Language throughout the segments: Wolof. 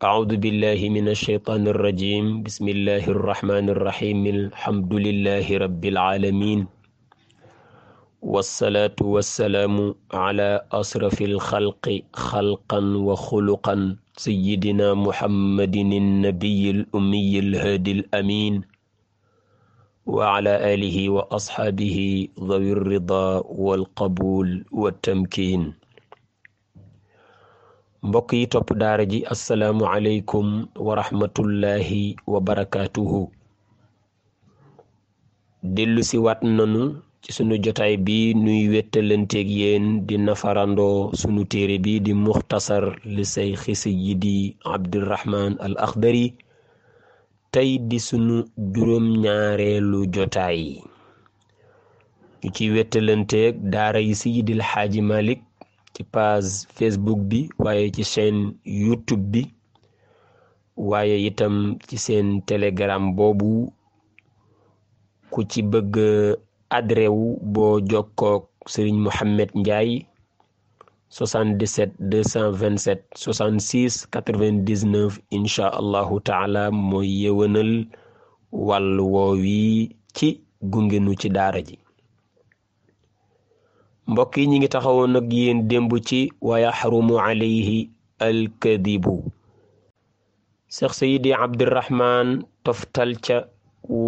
أعوذ بالله من الشيطان الرجيم بسم الله الرحمن الرحيم الحمد لله رب العالمين والصلاة والسلام على أشرف الخلق خلقا وخلقا سيدنا محمد النبي الأمي الهادي الأمين وعلى آله وأصحابه ذوي الرضا والقبول والتمكين mbokk yi topp daara ji assalaamu aleykum wa rahmatullahi wa barakaatuhu dellu si nanu ci sunu jotaay bi nuy wettalanteeg yéen di nafarandoo sunu téere bi di muxtasar li say xisi yi di abdirahman al axdari tey di sunu juróom ñaareelu jotaay ñu ci wettalanteeg daara yi si yidil xaaji malik ci page Facebook bi waaye ci chaîne YouTube bi waaye itam ci seen Telegram boobu ku ci bëgg adresse bo jokkook Serigne Mohamed Ndiaye 77 227 66 99 incha allahu taala moo yewenal wàllu woowi ci gungenu ci daara ji mbokk yi ñu ngi taxawoon ak yéen démb ci wa yaxrumu alayhi alkadibu seex sayidi abdirahman toftal ca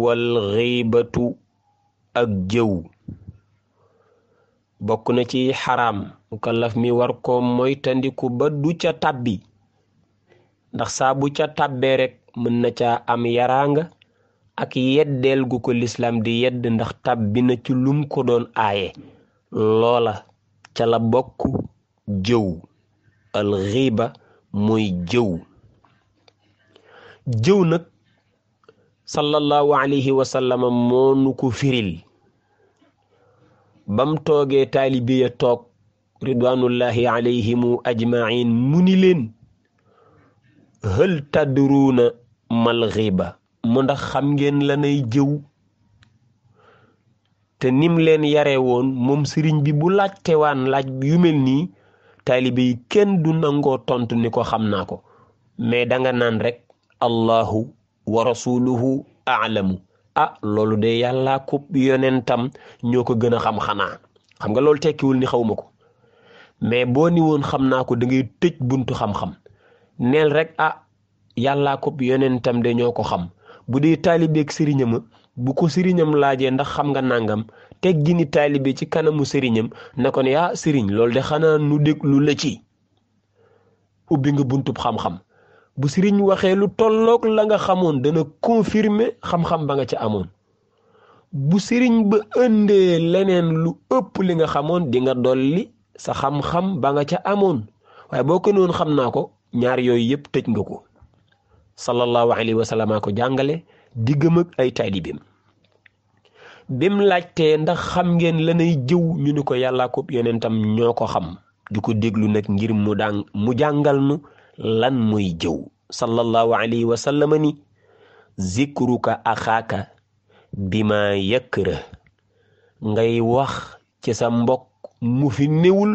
wal xiibatu ak jëw bokk na ci xaraam mukallaf mi war ko moytandiku ba du ca tàbbi ndax saabu ca tàbbee rek mën na ca am yaraanga ak yeddeel gu ko lislaam di yedd ndax tàbbi na ci lum ko doon aaye loola ca la bokk jëw alxiiba mooy jëw jëw nag sallallahu alayhi wa sallam moo nu ko firil bam toogee taalibe ya toog ridwanullahi alayhimu ajmain mu ni leen hël tadruuna mal xiiba mu ndax xam ngeen lanay jëw te nim leen yare woon moom sëriñ bi bu laaj kewaan laaj yu mel nii taalibe yi kenn du nangoo tontu ni ko xam naa ko mais da nga naan rek allahu wa rasuluhu aalamu a ah, loolu de yàllaa ko yonentam ñoo ko gën a xam xanaa xam nga loolu tekkiwul ni xawma ko mais boo ni woon xam naa ko da tëj buntu xam-xam neel rek ah yàllaa ko yonentam de ñoo ko xam bu dee taalibeeg sëriñama bu ko sëriñam laajee ndax xam nga nangam teggi ni taalibe ci kanamu sëriñam na ko ne ah sëriñ loolu de xanaa nu déglu la ci ubbi nga buntub xam-xam bu sëriñ waxee lu tollook la nga xamoon dana confirmer xam-xam ba nga ca amoon bu sëriñ ba ëndee leneen lu ëpp li nga xamoon dinga nga dolli sa xam-xam ba nga ca amoon waaye boo ko noon xam naa ko ñaar yooyu yëpp tëj nga ko sallallahu alayhi wa sallam ko jàngale diggam ak ay taalibeem bim laajtee ndax xam ngeen lanay jëw ñu ni ko yàllaa ko yonentam ñoo ko xam di ko déglu nag ngir mu daan mu jàngal nu lan mooy jëw sallallahu alayhi wa sallam ni zikruka axaaka bi ma yëkkëra ngay wax ci sa mbokk mu fi néwul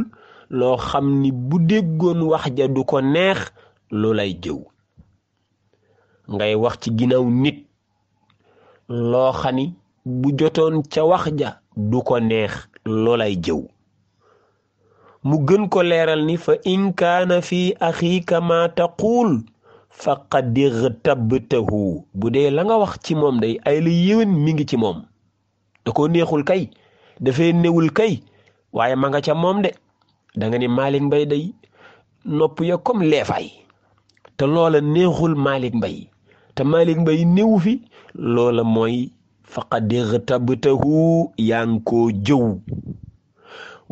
loo xam ni bu déggoon wax ja du ko neex lu jëw ngay wax ci ginnaaw nit loo xani bu jotoon ca wax ja du ko neex loolay jëw mu gën ko leeral ni fa in kaana fi axiika ma taquul faqad ixtabtahu bu dee la nga wax ci moom day ay la yéwén mi ngi ci moom da ko neexul kay dafay newul kay waaye ma nga ca moom de danga nga ni Malick Mbaye day nopp ya comme leefaay te loola neexul Malick Mbaye te Malick Mbaye newu fi loola mooy faqad ixtabtahu yaa ngi koo jëw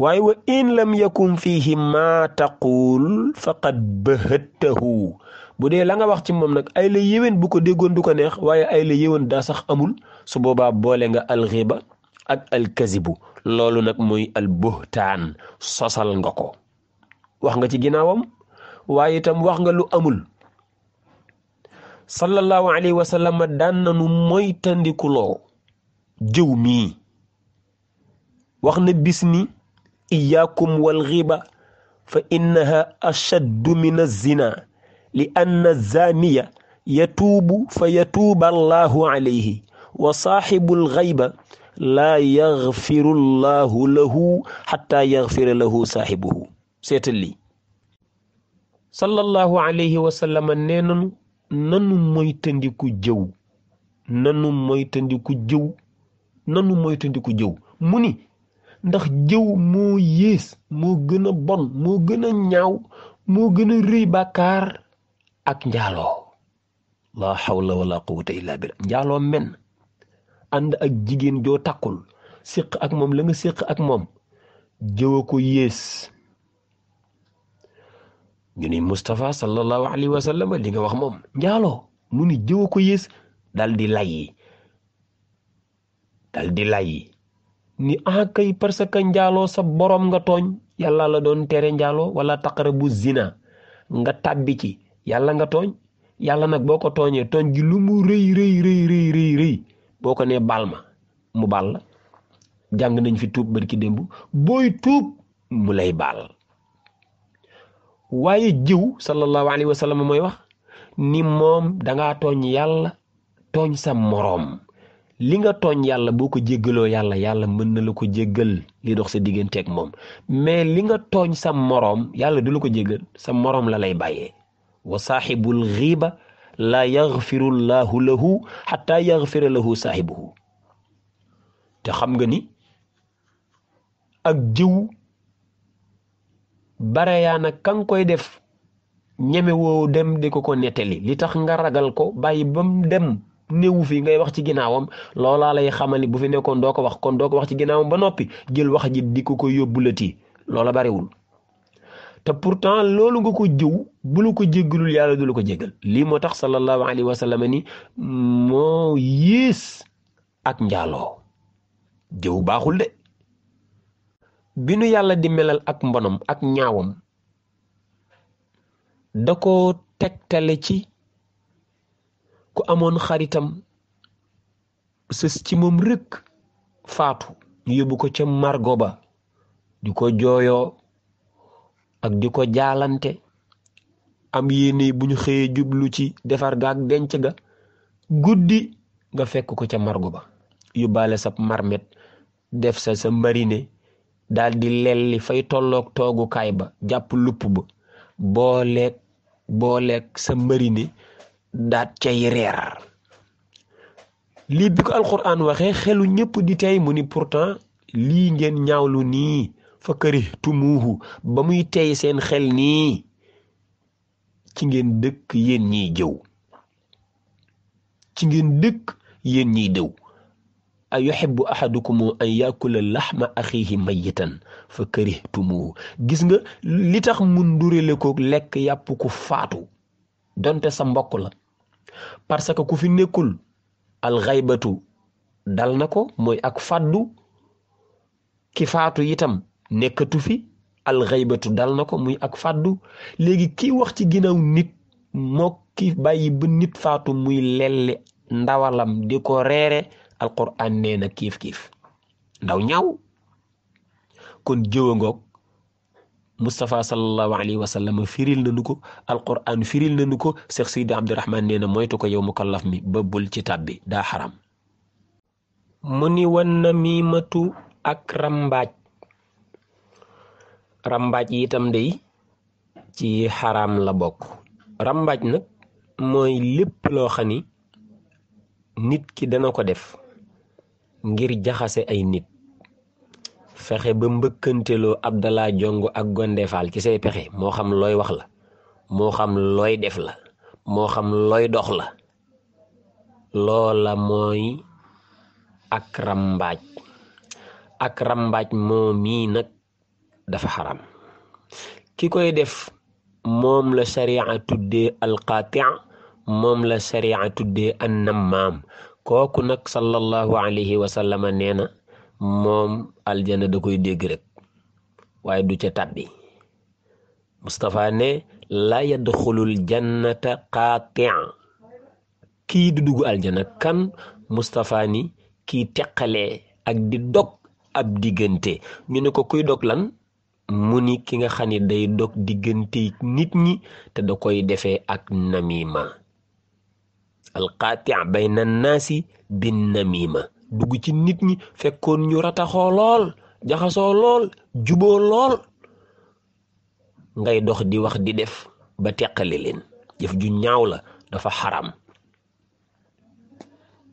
waaye wa in lam yakun fiihi maa taqul faqad bëhëttahu bu dee la nga wax ci moom nag ay la yéwén bu ko déggoon du ko neex waaye ay la yéwén daa sax amul su boobaa boole nga alxiba ak alkazibu loolu nag mooy albuhtaan sosal nga ko wax nga ci ginnaawam waaye tam wax nga lu amul sallallahu alayhi wa sallam daan na nu moytandikuloo jëw mii wax na bis ni fa innaha ashaddu min azzinaa li anna zaaniya yatuubu fa yatuuba allahu alayhi wa saaxibul xayba laa yaxfiru llahu alayhi wa sallam nanu moytandiku jëw nanu moytandiku jëw nanu moytandiku jëw mu ni ndax jëw moo yées moo gën a bon moo gën a ñaaw moo gën a rëy bàkkaar ak njaaloo la hawla wala quwwata illa billah njaaloo men ànd ak jigéen joo takkul séq ak moom la nga séq ak moom jëw ko yées ñu ni Moustapha sallallahu alayhi wa sallam li nga wax moom njaaloo mu ni jëw ko yées dal di layyi dal di layyi ni ah kay parce que njaaloo sa borom nga tooñ yàlla la doon tere njaaloo wala bu zina nga tàbbi ci yàlla nga tooñ yàlla nag boo ko tooñee tooñ gi lu mu rëy rëy rëy rëy boo ko nee baal ma mu baal la jàng nañ fi tuub barki démb booy tuub mu lay baal waaye jiw sallallahu alayhi wa sallam mooy wax ni moom danga tooñ yàlla tooñ sa moroom li nga tooñ yàlla boo ko jéggaloo yàlla yàlla mën na la ko jéggal li dox sa diggante ak moom mais li nga tooñ sa moroom yàlla du la ko jéggal sa moroom la lay bàyyee wa saaxibul xiiba laa yaxfiru llaahu lahu xataa yaxfira lahu saaxibuhu te xam nga ni ak jiw bareyaa nag ka koy def ñeme woo dem di ko ko nettali li tax nga ragal ko bàyyi ba mu dem néewu fi ngay wax ci ginnaawam loolaa lay xamal ni bu fi nekkoon doo ko wax kon doo ko wax ci ginnaawam ba noppi jël wax ji di ko ko yóbbulati loola barewul te pourtant loolu nga ko jëw bu la ko jéggalul yàlla du la ko jéggal lii moo tax sallallahu alayhi wa sallam ni moo yées ak njaaloo jëw baaxul de bi nu yàlla di melal ak mbonam ak ñaawam da ko tegtale ci ku amoon xaritam sës ci moom rëkk faatu ñu yóbbu ko ca margo ba di ko jooyoo ak di ko jaalante am yéene bu ñu xëyee jublu ci defar ga ak denc ga guddi nga fekk ko ca margo ba yóbbaale sa marmet def sa sa marine daldi di lelli fay tolloog toogukaay ba jàpp lupp ba booleeg booleeg sa mbarine daat cay reer lii bi ko alxuraan waxee xelu ñëpp di tey mu ni pourtant lii ngeen ñawlu nii fa këri tumuuhu ba muy tey seen xel nii ci ngeen dëkk yéen ñiy jëw ci ngeen dëkk yéen ñiy dëw a yuhibbu ahadukum an yakula laxma axiihi mayitan fa karihtumuhu gis nga li tax mu ndurile ko lekk yàpp ku faatu donte sa mbokk la parce que ku fi nekkul alxaybatu dal na ko mooy ak fàddu ki faatu itam nekkatu fi alxaybatu dal na ko muy ak fàddu léegi kii wax ci ginnaaw nit mook ki bàyyi ba nit faatu muy lelli ndawalam di ko reere alquran nee na kiif kiif ndaw ñaw kon jëwa ngoog Moustapha sallallahu alayhi wa sallam firil na nu ko alquran firil na ko Cheikh Sidi Abdourahman nee moytu ko yow mukallaf mi ba bul ci tàbbi daa xaram mu ni wan na miimatu ak rambaaj rambaaj itam day ci xaraam la bokk rambaaj nag mooy lépp loo xam ni nit ki dana ko def ngir jaxase ay nit fexe ba mbëkkanteloo Abdallah Jongo ak Gondé ci say pexe moo xam looy wax la moo xam looy def la moo xam looy dox la loola mooy ak rambaaj ak rambaaj moo mii nag dafa xaram ki koy def moom la sariya tuddee alqaatia moom la sariya tuddee annamaam kooku nag sallallahu alayhi wa sallam nee na moom aljana da koy dégg rek waaye du ca tàbbi Moustapha ne la yadxulul jannata qaatia kii du dugg aljana kan Moustapha ni kii teqalee ak di dog ab diggante ñu ne ko kuy dog lan mu ni ki nga xam ni day dog diggante nit ñi te da koy defee ak namima alqatia bayna nasi bin namima dugu ci nit ñi fekkoon ñu rataxoo lool jaxasoo lool juboo lool ngay dox di wax di def ba teqale leen jëf ju ñaaw la dafa haram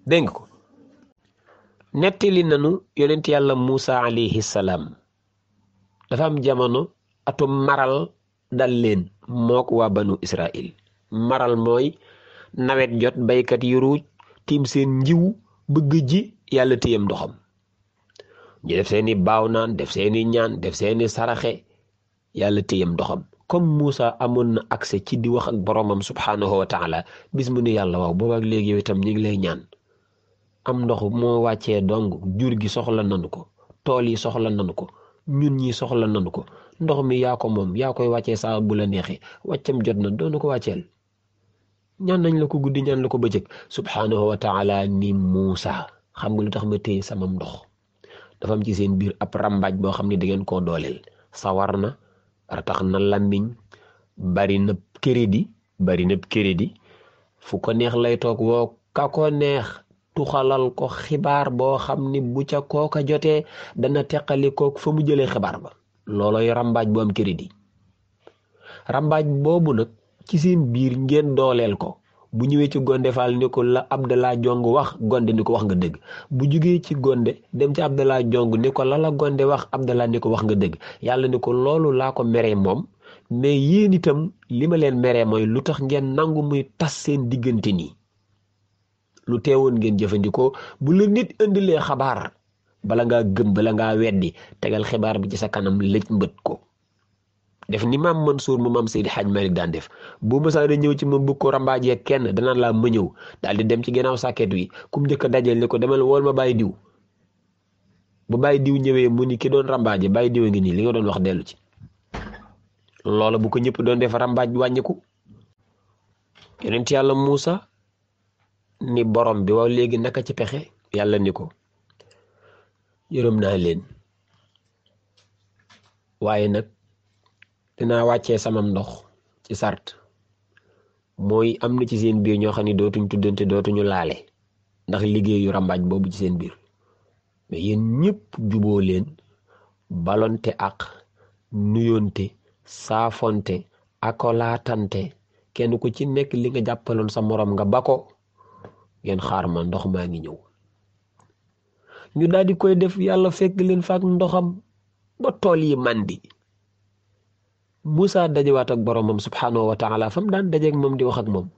dégg ko nettali nanu yonent yàlla Muusa alayhi salam dafa am jamono atum maral dal leen mook waa banu maral moy nawet jot baykat yi ruuj tiim seen njiw bëgg ji yàlla téyam doxam ñu def seeni baaw naan def seeni ñaan def seeni saraxe yàlla téyam ndoxam comme Moussa amoon na accès ci di wax ak boromam subhaanahu wa taala bis mu ni yàlla waaw boobaak léegi yow itam ñu ngi lay ñaan am ndox moo wàccee dong jur gi soxla nanu ko tool yi soxla nanu ko ñun ñi soxla nanu ko ndox mi yaa ko moom yaa koy wàccee saa bu la neexee wàccam jot na doonu ko wàcceel ñaan nañ la ko guddi ñaan la ko bëccëg subhaanahu wa taala ni Muusa xam nga lu tax ma téye sama ndox dafa ci seen biir ab ràmbaaj boo xam ne da ngeen koo dooleel sawar na ratax na lammiñ bari na crédit bari na crédit fu neex lay toog woo ka neex tuxalal ko xibaar boo xam ni bu ca kooka jotee dana teqali kook mu jëlee xibaar ba looloy ràmbaaj bu am crédit ràmbaaj boobu nag ci seen biir ngeen dooleel ko bu ñëwee ci Gondé Fall ni ko la Abdallah Jong wax Gondé ni ko wax nga dëgg bu jógee ci gonde dem ci Abdallah Jong ni ko la la gonde wax Abdallah ni ko wax nga dëgg yàlla ni ko loolu laa ko meree moom mais yéen itam li ma leen meree mooy lu tax ngeen nangu muy tas seen diggante nii lu teewoon ngeen jëfandikoo bu la nit indilee xabaar bala ngaa gëm bala ngaa weddi tegal xibaar bi ci sa kanam lëj mbët ko def ni maam suur mu maam Seydi Hadj Malick daan def boo mësaa da ñëw ci ma bëgg ko rambaajee kenn dana laa ma ñëw daal di dem ci gannaaw sàkket wi ku mu njëkk a dajal ne ko demal wool ma bàyyi diw bu bàyyi diw ñëwee mu ni ki doon rambaaje bàyyi diw a ngi nii li nga doon wax dellu ci loola bu ko ñëpp doon def rambaaj wàññiku yonent yàlla Muusa ni borom bi waaw léegi naka ci pexe yàlla ni ko yërëm naa leen waaye nag dinaa wàccee samam ndox ci sart mooy am na ci seen biir ñoo xam ne dootuñ tuddante dootuñu laale ndax liggéeyu ràmbaaj boobu ci seen biir mais yéen ñëpp juboo leen balonte ak nuyonte saafonte akolaatante kenn ku ci nekk li nga jàppaloon sa morom nga ba ko ngeen xaar ma ndox maa ngi ñëw ñu daal di koy def yàlla fekk leen faak ndoxam ba tool yi mandi Moussa dajewaat ak boromam subxanahu wa fam daan dajeeg moom di wax ak moom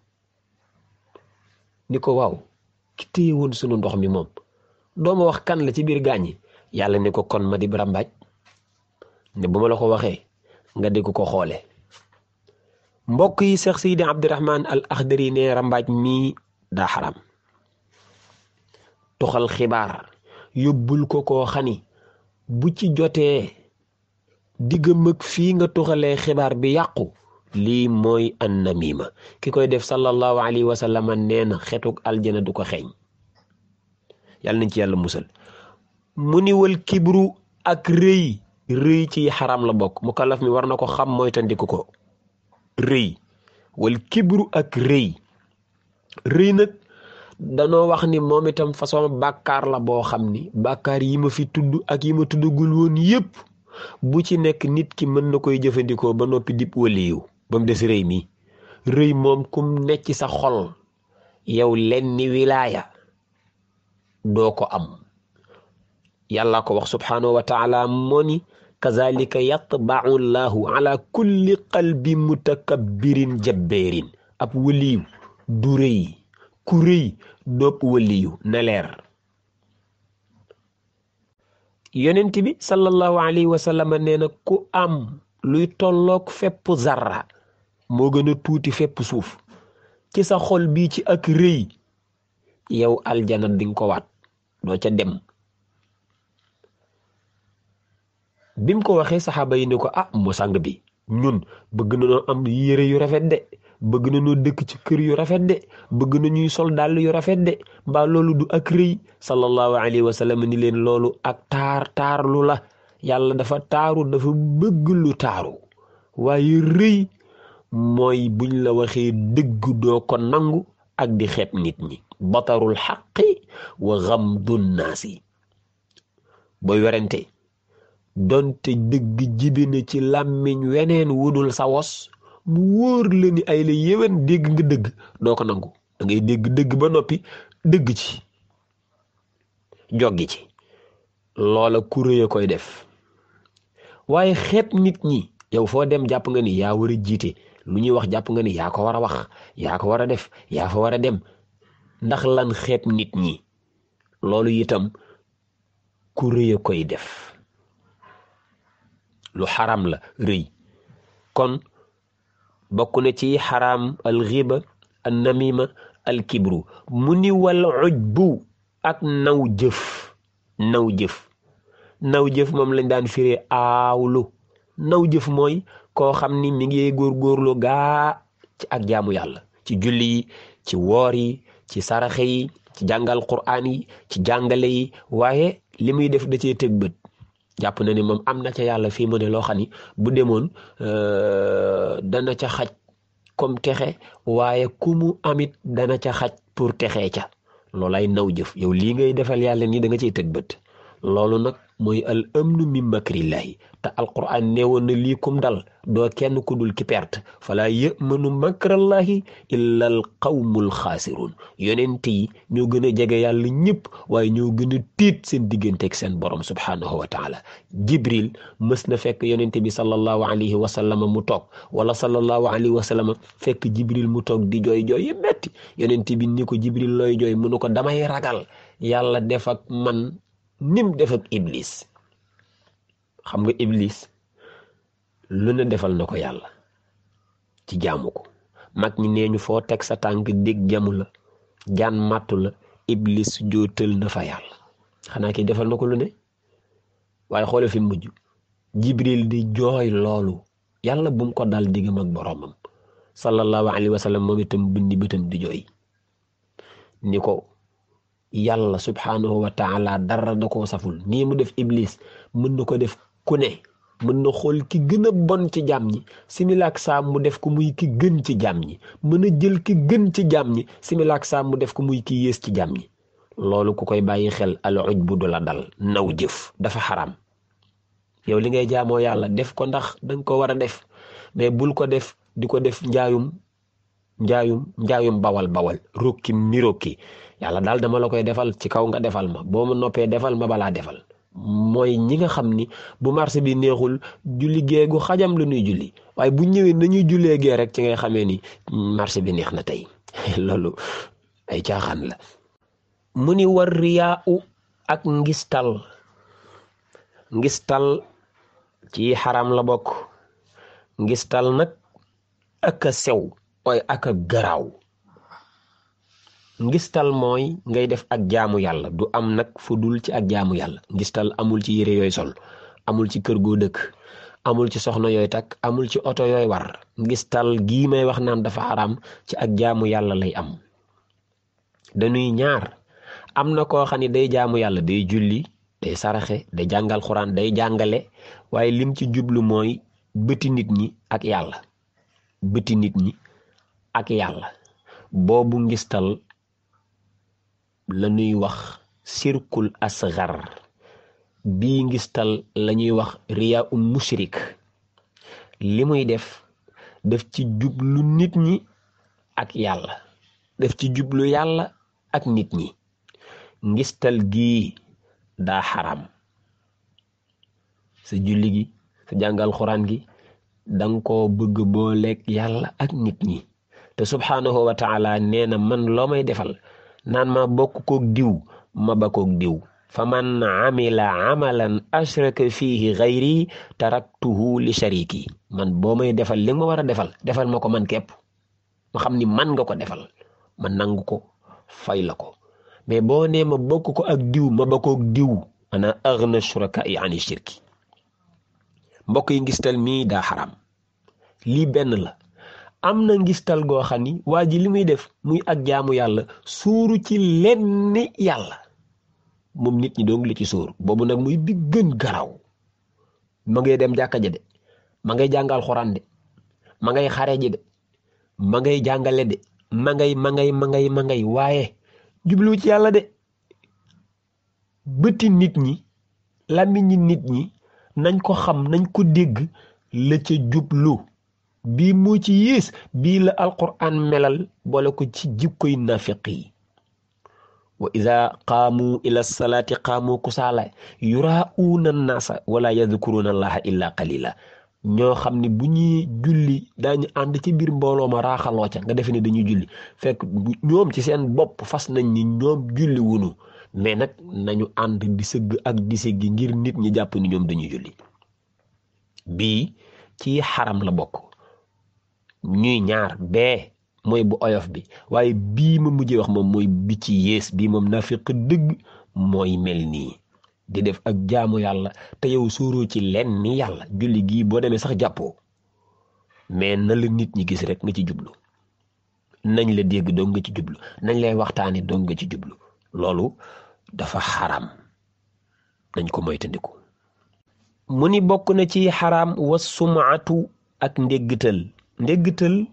ni ko waaw ki woon sunu ndox mi moom doo wax kan la ci biir gaañ yi yàlla ni ko kon ma di barambaaj ne bu ma la ko waxee nga di ko ko xoole mbokk yi Cheikh Sidi Abdurahman al Akhdari rambaaj mii daa xaram toxal xibaar yóbbul ko koo xani bu ci jotee. diggam ak fii nga tuxalee xibaar bi yàqu lii mooy an miima ki koy def sallallahu alayhi wa sallam nee na xetuk aljana du ko xeeñ yàlla nañ ci yàlla musal mu ni wal kibru ak rëy rëy ci xaram la bokk mukallaf mi war na ko xam mooy ko rëy wal ak rëy rëy nag danoo wax ni moom itam façon bàkkaar la boo xam ni bàkkaar yi ma fi tudd ak yi ma tuddagul woon yépp bu ci nekk nit ki mën na koy jëfandikoo ba noppi dib waliyu ba mu des rëy mi rëy moom kum ne ci sa xol yow lenni wilaaya doo ko am yàlla ko wax subhaanahu wa taala moo ni kazalika yatbau llahu ala kulli qalbi mutakabbirin jabbeerin ab waliyu du rëy ku rëy dopp waliyu na leer yonent bi sallallahu alayhi wa sallam nee na ku am luy tollook fépp zarra moo gën a tuuti fépp suuf ci sa xol bii ci ak rëy yow aljana di ko waat doo ca dem bim ko waxee saxaaba yi ne ko ah mu sang bi ñun bëgg na noo am yére yu rafet de bëgg nañoo dëkk ci kër yu rafet de bëgg na ñuy dàll yu rafet de mbaa loolu du ak rëy sallallahu wa sallam ni leen loolu ak taar taarlu la yàlla dafa taaru dafa bëgg lu taaru waaye rëy mooy buñ la waxee dëgg doo ko nangu ak di xeeb nit ñi batarul xaqi wa xamdun naasi booy werante doonte dëgg jibi ci làmmiñ weneen wudul sa wos mu wóor la ni ay la yéwén dégg nga dëgg doo ko nangu da ngay dëgg ba noppi dëgg ci joggi ci loola ku rëy koy def waaye xeeb nit ñi yow foo dem jàpp nga ni yaa war a jiite lu ñuy wax jàpp nga ni yaa ko war a wax yaa ko war a def yaa fa war a dem ndax lan xeeb nit ñi loolu itam ku rëy koy def lu xaram la rëy kon bokk na ci xaraam alxiba an namima alkibru mu ni wal ujbu ak naw jëf naw jëf naw jëf moom lañ daan firee aawlu naw jëf mooy koo xam ni mi ngi góorgóorlu gaa ci ak jaamu yàlla ci julli ci woor yi ci saraxe yi ci jàngal quraan ci jàngale yi waaye li muy def da cee teg bët jàpp na ni moom am na ca yàlla fii ma ne loo xam ni bu demoon euh, dana ca xaj comme texe waaye ku mu amit dana ca xaj pour texee ca loolay naw jëf yow lii ngay defal yàlla nii da nga ciy teg bët loolu nag mooy al amnu min makrillahi te alquran neewoon na lii kum dal doo kenn ku dul ki perte falaa yëmanu makrallahi illa al qawmul xaasiruun yonent yi ñoo gën a jege yàlla ñëpp waaye ñoo gën a tiit seen diggante digganteeg seen borom subhaanahu wa taala jibril mës na fekk yonent bi sallallahu alayhi wa sallam mu toog wala sallallahu alayhi wa sallam fekk jibril mu toog di jooy jooy yu metti yonent bi ni ko jibril looy jooy mu ne ko damay ragal nim def ak iblis xam nga iblis lu ne defal na ko yàlla ci jaamu ko mag ñi nee ñu foo teg sa tànk dégg jamu la jaan mattu la iblis jootal na fa yàlla xanaa kii defal na ko lu ne waaye xoole fi mujj jibril di jooy loolu yàlla bu mu ko dal diggam ak boroomam sallallahu alayhi wa sallam moom itam bindi bëtam di jooy ni ko yàlla subhaanahu wa taala dara da koo saful nii mu def iblis mën na ko def ku ne mën na xool ki gëna bon ci jaam ñi similaak saa mu def ko muy ki gën ci jaam ñi mën a jël ki gën ci jaam ñi similaak saa mu def ko muy ki yées ci jaam ñi loolu ku koy bàyyi xel al ujbu du dal naw jëf dafa xaram yow li ngay jaamoo yàlla def ko ndax danga ko war a def mais bul ko def di ko def njaayum njaayum njaayum bawal bawal rokki mi rokki yalla dal dama la koy defal ci kaw nga defal ma bo ma noppé defal ma bala defal Moy ñi nga xamni bu marché bi neexul julli gee gu xajam lu ñuy julli waaye bu ñëwé nañu jullé gee rek ci ngay xamé ni marché bi neex na tay lolu ay jaxan la muni war riya'u u ak ngistal ngistal ci haram la bok ngistal nak ak sew waaye ak ngistal mooy ngay def ak jaamu yàlla du am nag fu dul ci ak jaamu yàlla ngistal amul ci yére yooy sol amul ci kër goo dëkk amul ci soxna yooy takk amul ci oto yooy war ngistal gii may wax naan dafa xaraam ci ak jaamu yàlla lay am dañuy ñaar am na koo xam ne day jaamu yàlla day julli day saraxe day jàngal xuraan day jàngale waaye lim ci jublu mooy bëti nit ñi ak yàlla bëti nit ñi ak yàlla boobu ngistal la wax sirkul asgar bii ngistal la wax riya un li muy def def ci jublu nit ñi ak yàlla def ci jublu yàlla ak nit ñi ngistal gii daa xaram sa julli gi sa jàngal xuraan gi danga ko bëgg booleeg yàlla ak nit ñi te subhaanahu wa taala nee na man loo may defal naan ma bokk koog diw ma ba koog diw fa man amila amalan ashraka fiihi xayri taraktuhu li shariki man boo may defal li ma war a defal defal ma ko man képp ma xam ni man nga ko defal ma nangu ko fay la ko mais boo ne ma bokk ko ak diw ma ba koog diw ana aghna shuraka i shirki mbokk yi ngistal mii daa xaram lii benn la am na ngistal goo xam ni waa ji li muy def muy ak jaamu yàlla suuru ci lenn yàlla moom nit ñi doong li ci suur boobu nag muy bi gën garaw ma ngay dem jàkka ja de ma ngay jàngal xuraan ma ngay xare ngay jàngale de ma ngay ma ngay ma ngay waaye jublu ci yàlla de bëti nit ñi làmmiñi nit ñi nañ ko xam nañ ko dégg la ca jublu bii moo ci yées bii la alquran melal boole ko ci jikkoy nafiq yi wa ida qaamu ila salaati qaamu kusaala yuraa'uuna nnaasa wala yadkuruuna allaha illa qalila ñoo xam ne bu ñuy julli daañu ànd ci biir mbooloo ma raaxaloo ca nga defe ni dañuy julli fekk ñoom ci seen bopp fas nañ ni ñoom julli wunu mais nag nañu ànd di sëgg ak di sëggi ngir nit ñi jàpp ni ñoom dañuy julli bii ci xaram la bokk ñuy ñaar bee mooy bu oyof bi waaye bii ma mujjee wax moom mooy bi ci yées bii moom féq dëgg mooy mel nii di def ak jaamu yàlla te yow sóoroo ci lenn ni yàlla julli gii boo demee sax jàppoo mais na la nit ñi gis rek nga ci jublu nañ la dégg nga ci jublu nañ lay waxtaani dong nga ci jublu loolu dafa xaram nañ ko moytandiku mu ni bokk na ci xaram wa sumaatu ak ndéggatal ndéggatal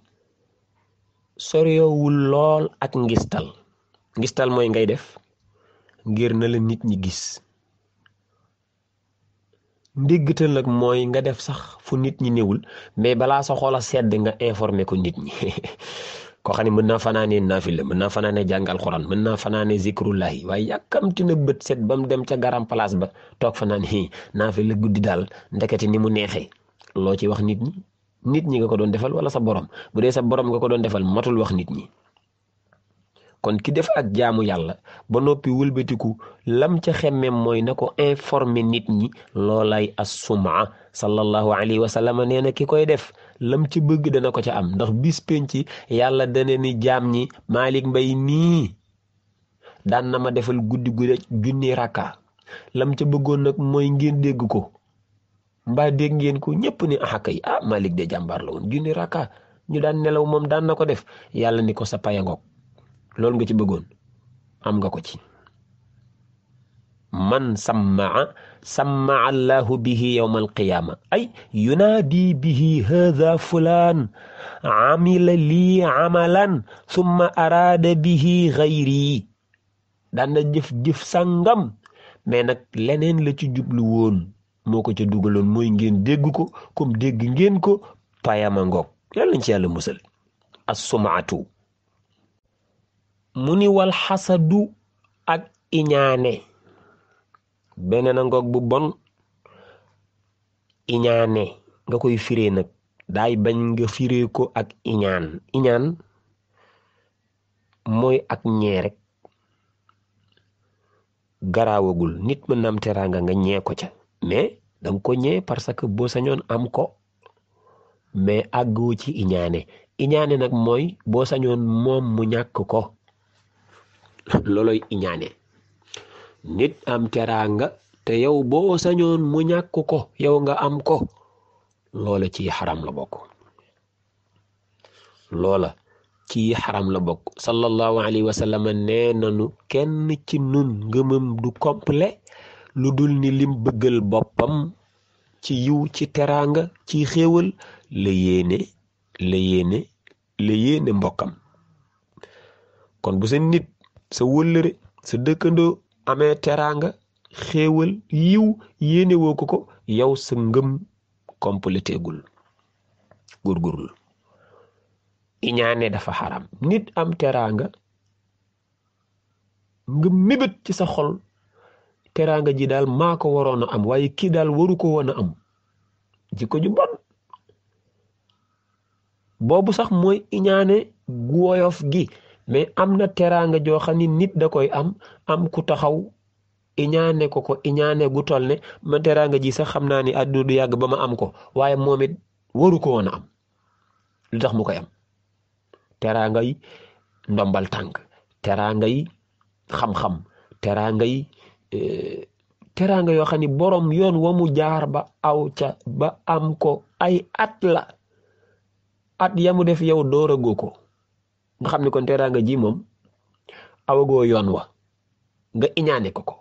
soriowul lool ak ngistal ngistal mooy ngay def ngir na la nit ñi gis ndéggatal nag mooy nga def sax fu nit ñi néewul mais balaa sa xol a sedd nga informer ko nit ñi koo xam ne mën naa fanaane naafila mën naa fanaanee jàng alxuraan mën naa fanaane zikrullahi waaye yàkkamti na bët set ba mu dem ca garam palaas ba toog fanaan hi la guddi daal ndekete ni mu neexee loo ci wax nit ñi nit ñi nga ko doon defal wala sa borom bu dee sa boroom nga ko doon defal matul wax nit ñi kon ki def ak jaamu yàlla ba noppi wëlbatiku lam ca xemmem mooy na ko informer nit ñi loolay assumaa sallallahu alayhi wa sallam nee na ki koy def lam ci bëgg dana ko ca am ndax bis penc yàlla dana ni jaam ñi Malick mbay nii daan na ma defal guddi gu junni rakka lam ca bëggoon nag mooy ngeen dégg ko. mba deg ngeen ko ñepp ni ah ah malik de jambar la won jundi raka ñu daan nelaw mom daan nako def yalla ni ko sa nga ci bëggoon am nga ko ci man sama, sama Allah bihi yowma alqiyaama ay yunadi bihi hadha fulan, amila li amalan summa arada bihi ghairi dan na jëf jëf sangam mais nak leneen la ci jublu won moo ko ca dugaloon mooy ngeen dégg ko comme ko payama ngoog yàlla nañ ci yàlla musal assumaatu mu ni wal xasadu ak iñaane beneen a ngoog bu bon iñaane nga koy firee nag bañ nga firee ko ak iñaan iñaan mooy ak ñee rek garaawagul nit mën na am nga ko ca mais da nga ko ñee parce que boo sañoon am ko mais àggoo ci iñaane iñaane nag mooy boo sañoon moom mu ñàkk ko looloy iñaane nit am teraanga te yow boo sañoon mu ñàkk ko yow nga am ko loola ci xaram la bokk loola ci xaram la bokk sallallahu alayhi wa sallam nee nanu kenn ci nun ngëmam du complet lu dul ni lim bëggal boppam ci yiw ci teraanga ci xéewal la yéene la yéene la yéene mbokkam kon bu sa nit sa wëllëre sa dëkkandoo amee teraanga xéewal yiw yéene ko ko yow sa ngëm complété gul góorgóorlu iñaane dafa xaram nit am teraanga nga mébét ci sa xol teraanga ji daal maa ko waroon a am waaye kii daal waru ko woon am jikko ju bon boobu sax mooy iñaane gu woyof gi mais am na teraanga joo xam ni nit da koy am am ku taxaw iñaane ko ko iñaane gu toll ne ma teraanga ji sax xam naa ni àdduna du yàgg ba ma am ko waaye moom it waru ko woon a am lu tax mu koy am teraanga yi ndombal tànk teraanga yi xam-xam teraanga yi Eh, teraanga yoo xam ni borom yoon wa mu jaar ba aw ca ba am ko ay at la at ya mu def yow dooragoo ko nga xam ni kon teraanga ji moom awagoo yoon wa nga iñaane ko ko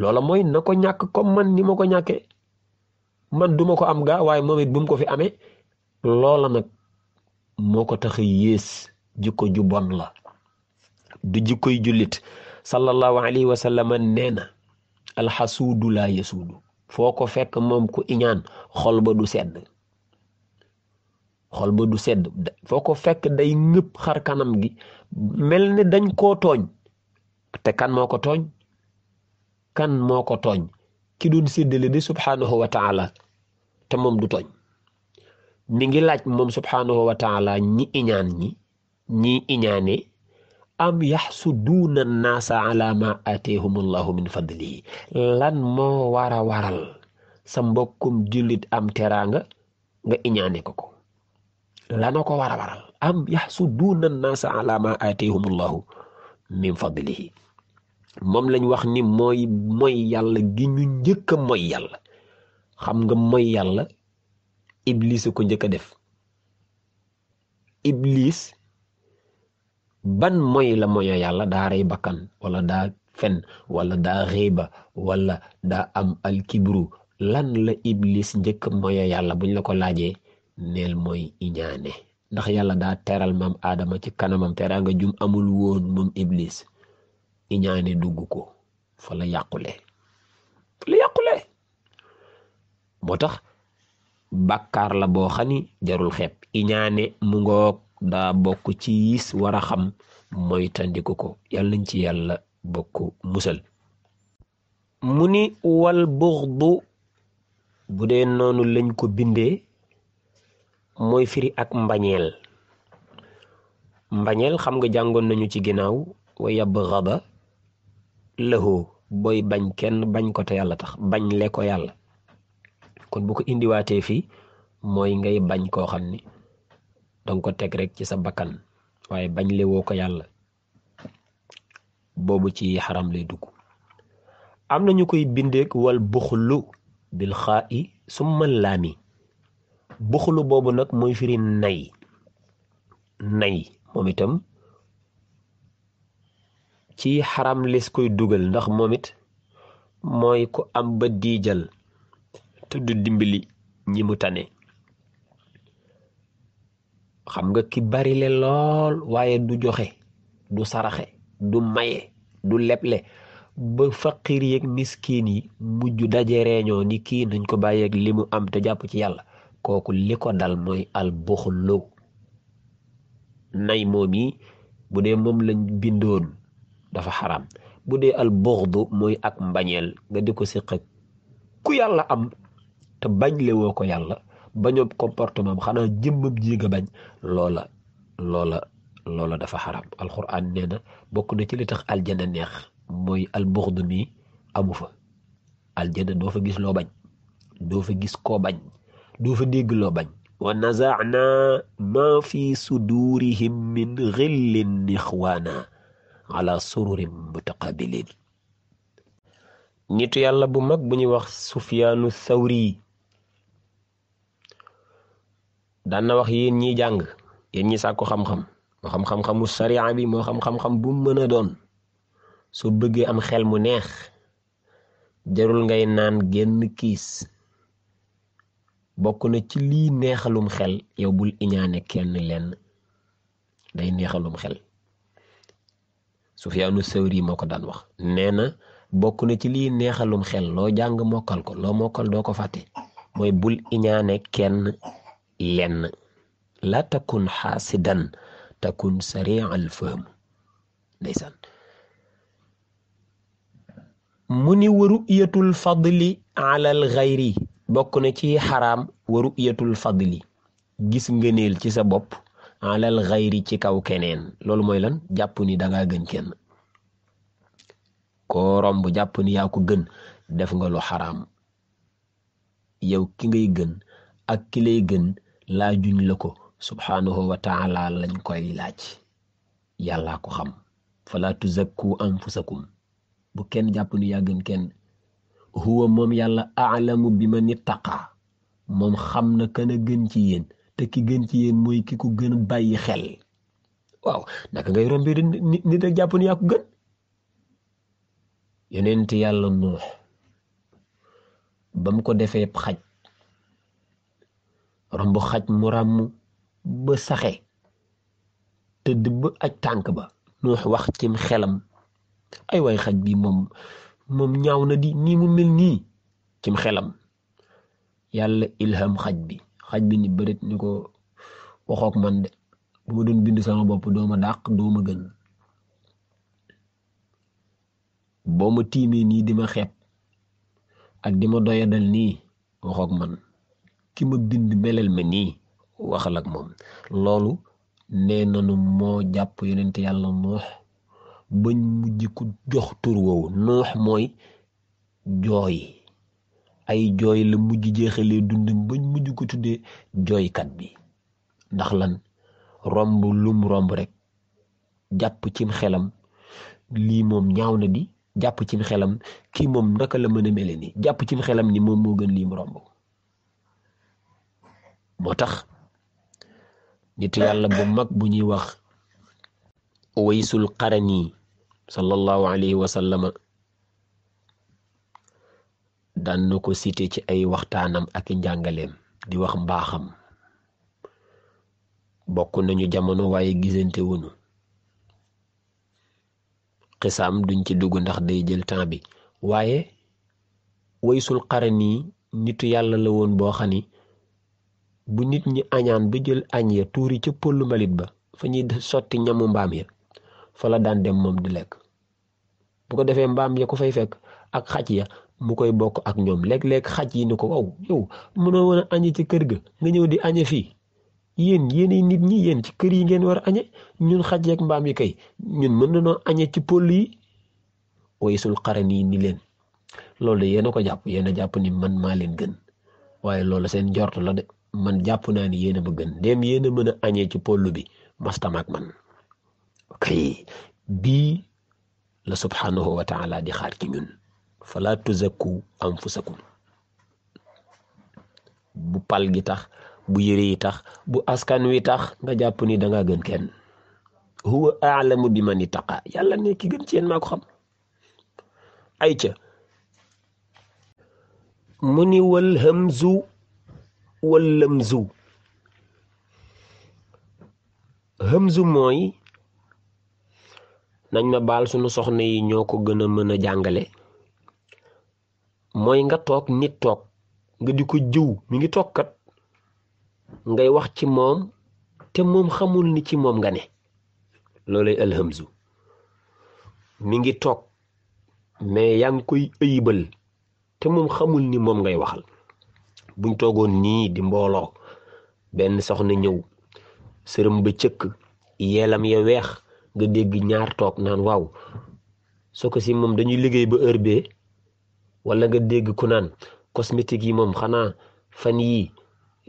loola mooy na ko ñàkk comme man ni ma ko ñàkkee man duma ko am gaa waaye moom it bu mu ko fi amee loola nag moo ko tax yées jikko ju bon la du jikkoy jullit sallallahu alayhi wa sallam nee na alxasuudu laa yasuudu foo ko fekk moom ku iñaan xol ba du sedd xol ba du sedd foo ko fekk day ñëpp xar kanam gi mel ni dañ koo tooñ te kan moo ko tooñ kan moo ko tooñ ki doon séddale de subhaanahu wa taala te moom du tooñ mi ngi laaj moom subhaanahu wa taala ñi iñaan ñi ñi iñaane am yaxsuduuna naasa ala ma aatihum allahu min fadlihi lan moo war a waral sa mbokkum jullit am teraanga nga iñaane ko ko lana ko war a waral am yaxsuduuna naasa ala ma aatihum allahu min fadlihi moom lañ wax ni mooy mooy yàlla gi ñu njëkk mooy yàlla xam nga mooy yàlla iblis a ko njëkk def ban moy la moyo yàlla daa rey bakkan wala daa fen wala daa xiiba wala daa am alkibru lan la iblis njëkk moya yàlla buñ la ko laajee neel mooy iñaane ndax yàlla daa teral maam aadama ci kanamam nga jum amul woon moom iblis iñaane dugg ko fa la yàqule fa la moo tax bàkkaar la boo xam ni jarul xeeb iñaane mu ngoog daa bokk ci yiis war a xam moytandiku ko yàlla nañ ci yàlla bokk musal mu ni wal buxdu bu dee noonu lañ ko bindee mooy firi ak mbañeel mbañeel xam nga jàngoon nañu ci ginnaaw wa yabgada lahoo booy bañ kenn bañ ko te yàlla tax bañ le ko yàlla kon bu ko indiwaatee fii mooy ngay bañ koo xam ni danga ko teg rek ci sa bakkan waaye bañ le woo ko yàlla boobu ci xaram lay dugg am na ñu koy bindeek wal buxlu bil xaa i summa laami buxlu boobu nag mooy firi nay nay moom itam ci xaram les koy dugal ndax moom it mooy ko am ba diijal tudd dimbali ñi mu tane xam nga ki bari le lool waaye du joxe du saraxe du maye du leble ba faqir yeeg miskiin yi mujj daje reeñoo ni kii nañ ko bàyyeeg li mu am te jàpp ci yàlla kooku li ko dal mooy al buxlu nay moom yi bu dee moom lañ bindoon dafa xaram bu dee al buxdu mooy ak mbañeel nga di ko siq ak ku yàlla am te bañ le ko yàlla bañob comportement xanaa jëmmam ji nga bañ loola loola loola dafa xaram alquran nee na bokk na ci li tax aljana neex mooy albuxdu mi amu fa aljana doo fa gis loo bañ doo fa gis koo bañ doo fa dégg loo bañ wa nazaana ma fi sudurihim min xillin ixwaana ala sururin mutaqabilin nitu yàlla bu mag bu wax sufyaanu thawri daan na wax yéen ñiy jàng yéen ñi sàkku xam-xam moo xam xam-xamu sariya moo xam xam bu mu mën a doon soo bëggee am xel mu neex jarul ngay naan genn kiis bokk na ci lii neexalum xel yow bul iñaane kenn lenn day neexalum xel Sufyaanu Sawri moo ko daan wax nee na bokk ci lii neexalum xel loo jàng mokkal ko loo mokkal doo ko fàtte mooy bul iñaane kenn lenn la takun xaasidan takun sari al fahm mu ni wa ru'yatul fadli ala al bokk na ci xaraam wa ru'yatul fadli gis ngëneel ci sa bopp alal xayri ci kaw keneen loolu mooy lan jàpp ni dangaa gën kenn koo romb jàpp ni yaa ko gën def nga lu xaraam yow ki ngay gën ak ki lay gën laajuñ la ko subhaanahu wa taala lañ koy laaj yàllaa ko xam fala tuzakku anfusakum bu kenn jàpp ni kenn huwa moom yàlla aalamu bi ma nit moom xam na kan a gën ci yéen te gën ci yéen ko gën bàyyi xel waaw naka ngay jàpp ni yaa ko yàlla nuux ba mu ko defee xaj rombo xaj muramu ràmm ba saxé te ba ak tank ba nuux wax ci xelam ay way xaj bi mom mom ñaaw na di nii mu mel nii xelam yalla ilham xaj bi xaj bi ni beurit ni ko waxook man de bu ma doon bind sama bopp dooma dàq dooma gën bo ma tiimee nii dima xép ak dima doyadal nii waxok man ki ma bind melal ma nii waxal ak moom loolu ne nanu moo jàpp yonent yàlla nuux bañ mujj ku jox tur woowu nuux mooy jooy ay jooy la mujj jeexalee dundam bañ mujj ku tuddee jooykat bi ndax lan romb lum romb rek jàpp cim xelam lii moom ñaaw na di jàpp cim xelam kii moom naka la mën a mele ni jàpp cim xelam ni moom moo gën lii mu romb moo tax nit yàlla mag bu ñuy wax waysul qarani sallallahu alayhi wa sallama daan na ko siite ci ay waxtaanam ak njàngaleem di wax mbaaxam bokk nañu jamono waaye gisante wuñu xisaam duñ ci dugg ndax day jël temps bi waaye waysul qarani nitu yàlla la woon boo xam bu nit ñi añaan ba jël añ ya tuuri ca pëllu ba fa ñuy sotti ñamu mbaam ya fa la daan dem moom di lekk bu ko defee mbaam ya ku fay fekk ak xaj ya mu koy bokk ak ñoom léeg-léeg xaj yi ni ko aw yow mënoo woon a ci kër ga nga ñëw di añe fii yéen yéenay nit ñi yéen ci kër yi ngeen war a añe ñun xaj yeeg mbaam yi kay ñun mën nanoo añe ci pollu yi waysul xaran yi ni leen loolu de yéen a ko jàpp yéen a ni man maa leen gën waaye loolu seen njort la de man jàpp naa ni yéen a ma gën ndéem yéen a mën añee ci pollu bi mastama ak man kay bii la subhanahu wa di xaar ci ñun fala tuzakku anfusakum bu pal gi tax bu yëre yi tax bu askan wi tax nga jàpp ni da gën kenn huwa aalamu bi man ittaqa yàlla ne gën ci yéen maa xam ay ca mu ni wal hamzu واللمز hamzu mooy nañ ma baal sunu soxna yi ñoo ko gën a mën a jàngale mooy nga toog nit toog nga di ko jiw mi ngi toog kat ngay wax ci moom te moom xamul ni ci moom nga ne loolay alhamzu mi ngi toog mais yaa ngi koy ëyibal te moom xamul ni moom ngay waxal buñ toogoon nii di mbooloo benn soxna ñëw sërëm ba cëkk yeelam ya weex nga dégg ñaar toog naan waaw soo ko si moom dañuy liggéey ba heure bee walla nga dégg ku naan cosmétique yi moom xanaa fan yii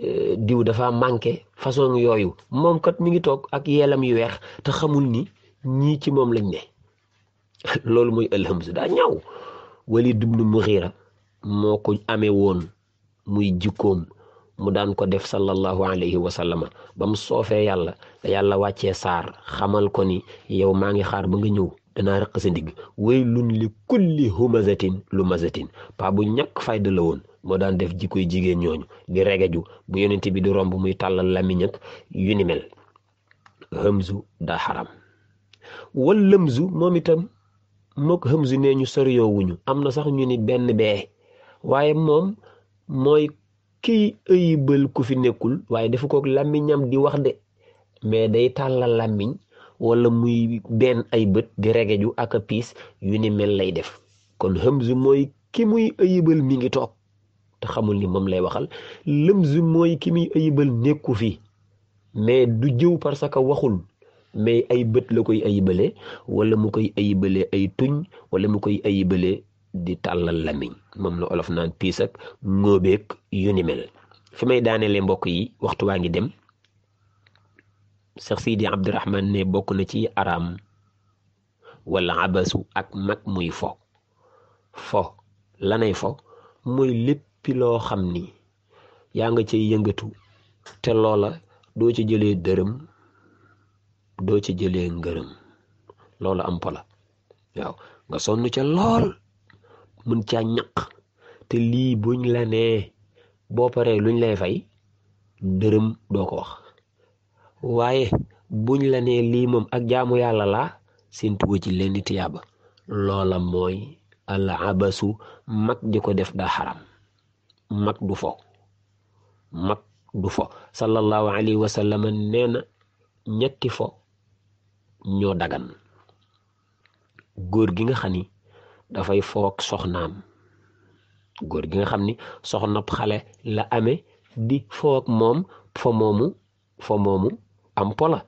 eh, diw dafa manqué façon yooyu moom kat mi ngi toog ak yeelam yu weex te xamul ni ñii ci moom lañ ne loolu mooy alhamdulilah daa ñaaw Walid ibn Mughira moo ko amee woon muy jikkoom mu daan ko def sallallahu alayhi wa sallama ba mu soofee yàlla yàlla wàccee saar xamal ko ni yow maa ngi xaar ba nga ñëw danaa rëq sa lu waylun li kulli humazatin lumazatin paa bu ñàkk fayda la moo daan def jikkoy jigéen ñooñu di regeju bu yonent bi di romb muy tàllal lamiñ ak yu ni mel hamzu daa xaram wal lëmzu moom mook hamzu nee ñu soriyoo am na sax ñu ni benn bee waaye moom mooy kiy ëyibal ku fi nekkul waaye dafa kook làmmiñam di wax de mais day tàllal làmmiñ wala muy benn ay bët di regeju ak a piis yu ni mel lay def kon hamzu mooy ki muy ëyibal mi ngi toog te xamul ni moom lay waxal lëmzu mooy ki muy ëyibal nekku fi mais du jëw parce que waxul mais ay bët la koy ayibale wala mu koy ayibale ay tuñ wala mu koy ayibale di tàllal làmmiñ moom la olof naan piis ak ngóobeeg yu ni fi may daaneele mbokk yi waxtu waa ngi dem sax Sidi Abdourahman ne bokk na ci araam wala abasu ak mag muy fo fo lanay fo muy léppi loo xam ni yaa nga cay yëngatu te loola doo ci jëlee dërëm doo ci jëlee ngërëm loola am pola waaw nga sonn ca lool mën caa ñaq te lii buñ la nee boo paree luñ lay fay dërëm doo ko wax waaye buñ la nee lii moom ak jaamu yàlla laa séntugo ci lenn tiyaaba loola mooy al mag di ko def daa xaram mag du fo mag du fo sallallahu alayhi wa nee na ñetti fo ñoo dagan góor gi nga xam ni dafay fook soxnam góor gi nga xamni ni soxna xale la amé di fook mom fo momu fo momu am pola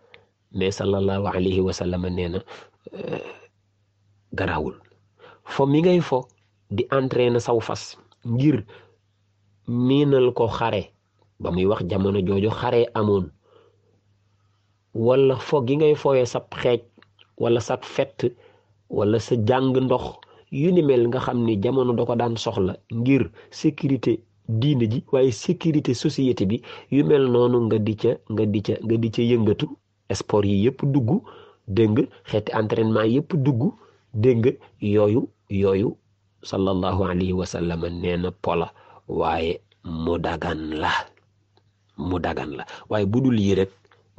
mais sallallahu alayhi wa sallam neena garawul fo mi ngay fo di entraîner saw fas ngir minal ko xare ba muy wax jamono jojo xare amoon wala fo gi ngay fooyee sab xéj wala sab fett wala sa jàng ndokh yu ni mel nga xam ni jamono da ko daan soxla ngir sécurité diine ji waaye sécurité société bi yu mel noonu nga di ca nga di ca nga di ca yëngatu sport yi yëpp dugg dégg nga xeeti entraînement yëpp dugg dégg nga yooyu yooyu sallallahu alayhi wa sallam nee na pola waaye mu dagan la mu dagan la waaye bu dul yi rek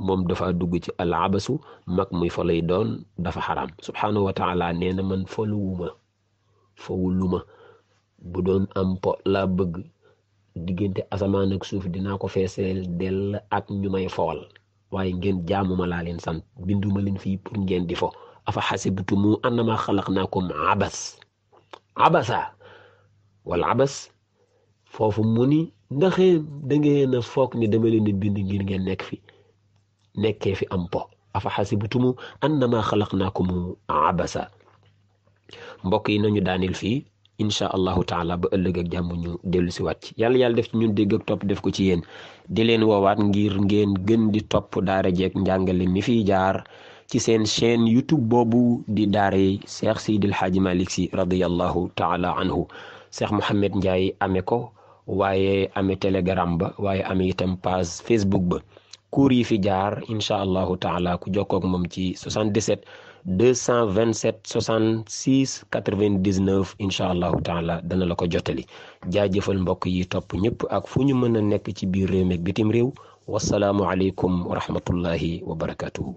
moom dafa dugg ci alabasu mag muy fa doon dafa xaram subhanahu wa taala nee na man faluwuma fawu luma bu doon am po laa bëgg diggante asamaan ak suuf dinaa ko feeseel dell ak ñu may fowal waaye ngeen jaamuma laa leen sant binduma leen fii pour ngeen di fo afa xasibtumu annama xalaqnaakum abas abasa wala abas foofu mu ni foog ni dama leen di bind ngir ngeen nekk fi nekkee fi am po afa xasibtumu annama abasa mbokk yi nañu daanil fii incha allahu taala ba ëllëg ak jàmm ñu dellu si wàcc yàlla yàlla def ci ñun dégg topp def ko ci yéen di leen woowaat ngir ngeen gën di topp daara jeeg njàngale mi fiy jaar ci seen chaîne youtube boobu di daare Cheikh Seydil Hadji Malick Sy radiallahu taala anhu Cheikh Mouhamed Ndiaye amee ko waaye amee telegram ba waaye amee itam page facebook ba cours yi fi jaar incha allahu taala ku jokkook moom ci 77 227 66 99 incha allahu taala dana la ko jottali jaajëfal mbokk yi topp ñëpp ak fu ñu mën a nekk ci biir réew mi bitim réew wasalaamualeykum wa rahmatullahi wa barakatuhu